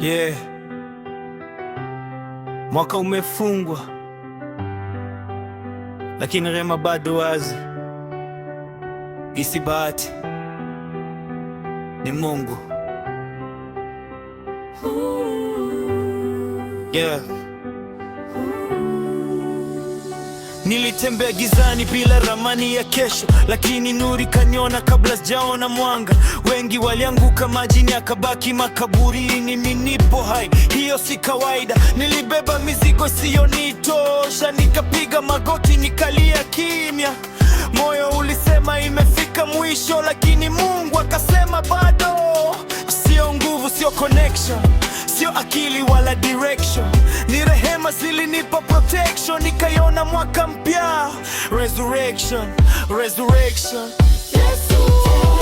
Yeah. Mwaka umefungwa lakini rema bado wazi. Isi ni Mungu. Yeah. Nilitembea gizani bila ramani ya kesho, lakini nuri kaniona kabla sijaona mwanga. Wengi walianguka majini, akabaki makaburi, ni minipo hai, hiyo si kawaida. Nilibeba mizigo isiyonitosha, nikapiga magoti, nikalia kimya. Moyo ulisema imefika mwisho, lakini Mungu akasema bado. Sio nguvu, sio connection, sio akili wala direction Mama zilinipa protection, nikaiona mwaka mpya resurrection, resurrection. Yesu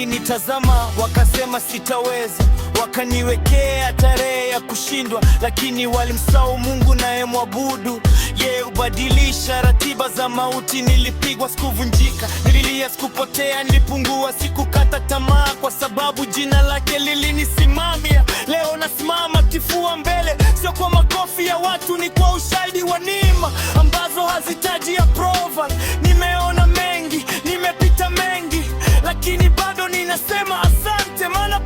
walinitazama wakasema sitaweza, wakaniwekea tarehe ya kushindwa, lakini walimsahau Mungu naye mwabudu yeye hubadilisha ratiba za mauti. Nilipigwa sikuvunjika, nililia sikupotea, nilipungua sikukata tamaa, kwa sababu jina lake lilinisimamia. Leo nasimama kifua mbele, sio kwa makofi ya watu, ni kwa ushahidi wa neema ambazo hazitaji approval. ninasema asante, maana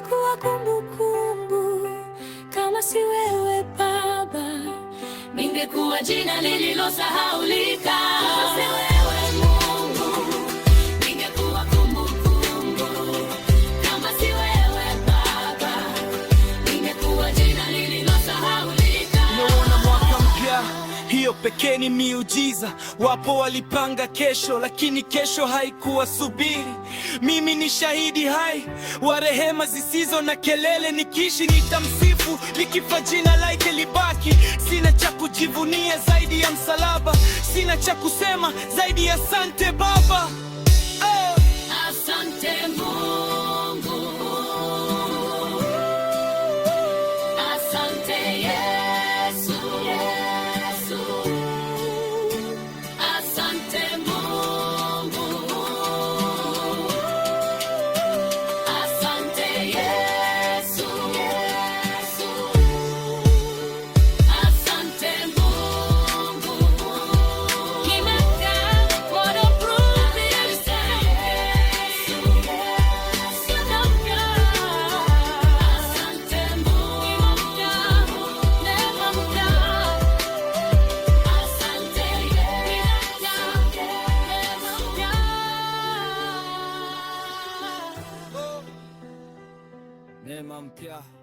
kuwa kumbukumbu kama si wewe Baba, ningekuwa jina lililosahaulika. hiyo pekee ni miujiza. Wapo walipanga kesho, lakini kesho haikuwasubiri. Mimi ni shahidi hai wa rehema zisizo na kelele. ni nitamsifu, nikifa jina lake libaki. Sina cha kujivunia zaidi ya msalaba, sina cha kusema zaidi ya asante Baba, oh. Asante. Nie mam pia